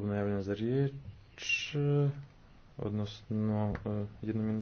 slobodno za riječ, odnosno e, jednu minutu.